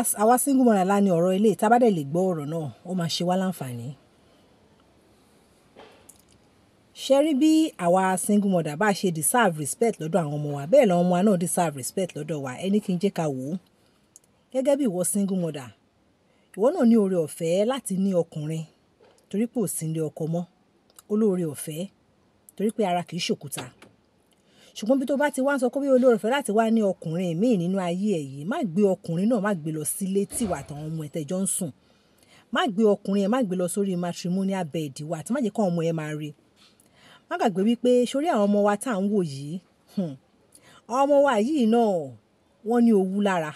àwa single mother la ni ọ̀rọ̀ ilé tá bá dẹ̀ lè gbọ́ ọ̀rọ̀ náà ó máa ṣe wá láǹfààní. ṣe rí bí àwa single mother bá ṣe deserve respect lọ́dọ̀ àwọn ọmọ wa bẹ́ẹ̀ làwọn ọmọ wa náà deserve respect lọ́dọ̀ wa ẹni kí n jẹ́ ká wò ó gẹ́gẹ́ bí ìwọ single mother ìwọ náà ní oore ọ̀fẹ́ láti ní ọkùnrin torí pé ò sí ilé ọkọ mọ́ olóore ọ̀fẹ́ torí pé ara kì í ṣòkúta ṣùgbọ́n bí tó bá ti wá ń sọ pé olóore fẹ́ láti wá ní ọkùnrin míì nínú ayé ẹ̀ yìí má gbé ọkùnrin náà má gbé lọ sílé tìwà àtàwọn ọmọ ẹ̀ ń sùn má gbé ọkùnrin ẹ̀ má gbé lọ sórí matrimonial bed wa àti má jẹ́ kọ́ ọmọ ẹ̀ máa rí má gbàgbé wípé sórí àwọn ọmọ wa tá à ń wò yìí hmm, ọmọ wa yìí náà wọ́n ní owú lára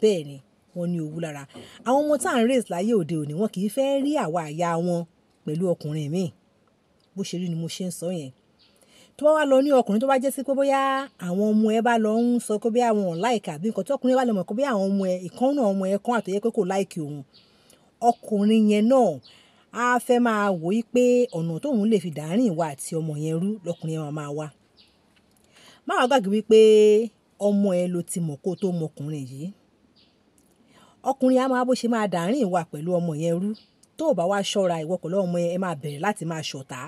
bẹ́ẹ̀ ni wọ́n ní owú lára àwọn ọmọ tá à ń raise láyé òde òní wọn kì í fẹ́ rí àwa àyà wọn pẹ̀lú ọkùnrin míì bó ṣe rí ni mo ṣe ń sọ yẹn tó bá wá lọ ní ọkùnrin tó bá jẹ́ sí pé bóyá àwọn ọmọ ẹ bá lọ ń sọ pé bóyá àwọn ò láìka àbí nǹkan tó ọkùnrin bá lọ mọ̀ pé bóyá àwọn ọmọ ẹ ìkan náà ọmọ ẹ kan àtòyẹ pé kò láìkì òun ọkùnrin yẹn náà á fẹ́ máa wò í pé ọ̀nà tóun lè fi dàárín ìwà àti ọmọ yẹn rú lọkùnrin yẹn máa wá má wàá gbàgbé wípé ọmọ ẹ ló ti mọ̀ kó tó mọkùnrin yìí ọkùnrin á máa bó ṣe máa dàárín ìwà pẹ̀lú ọmọ yẹn rú tó bá wá ṣọ́ra ìwọ pẹ̀lú ọmọ yẹn ẹ máa bẹ̀rẹ̀ láti máa ṣọ̀tá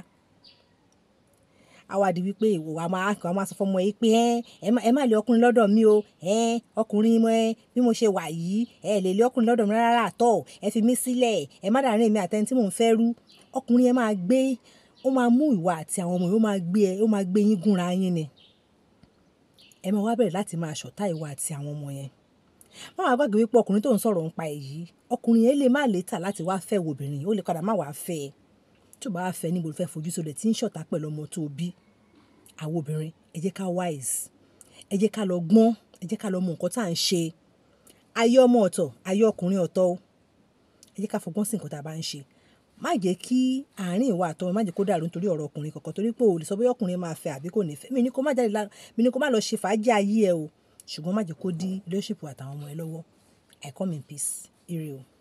á wá di wípé ìwọ wa máa kàn máa sọ fọmọ yìí pé ẹ ẹ má lé ọkùnrin lọ́dọ̀ mi o ẹ ọkùnrin mọ ẹ bí mo ṣe wà yìí ẹ lè lé ọkùnrin lọ́dọ̀ mi rárá àtọ̀ ẹ fi mí sílẹ̀ ẹ má dàrin èmi àtẹni tí mò ń fẹ́ rú ọkùnrin ẹ máa gbé ó máa mú ìwà àti àwọn ọmọ yìí ó máa gbé ẹ ó máa gbé yín gúnra yín ni ẹ máa wá bẹ̀rẹ̀ láti máa ṣọ̀tá ìwà àti àwọn ọmọ yẹn má wàá gbàgbé wípé ọkùnrin tó ń sọ̀rọ̀ ń pa èyí ọkùnrin yẹn lè má lè tà láti wá fẹ́ wo obìnrin ó lè padà má wàá fẹ́ ẹ tó bá fẹ́ níbo ló fẹ́ fojú sólẹ̀ tí ń ṣọ̀tá pẹ̀lú ọmọ tó bí àwọn obìnrin ẹ jẹ́ ká wise ẹ jẹ́ ká lọ gbọ́n ẹ jẹ́ ká lọ mọ nǹkan tá à ń ṣe ayé ọmọ ọ̀tọ̀ ayé ọkùnrin ọ̀tọ̀ o ẹ jẹ́ ká fọgbọ́n sí nǹkan tá a bá ń ṣe má jẹ́ kí àárín ìwà àtọ́ má jẹ́ kó dàrú nítorí ọ̀rọ̀ ọkùnrin kankan torí pé o lè sọ bóyá ọkùnrin máa fẹ́ àbí kò ní fẹ́ mi ni kó má lọ ṣe fàájì ayé ẹ o ṣùgbọ́n má jẹ́ kó dí relationship àtàwọn ọmọ ẹ lọ́wọ́ I come in peace ire o.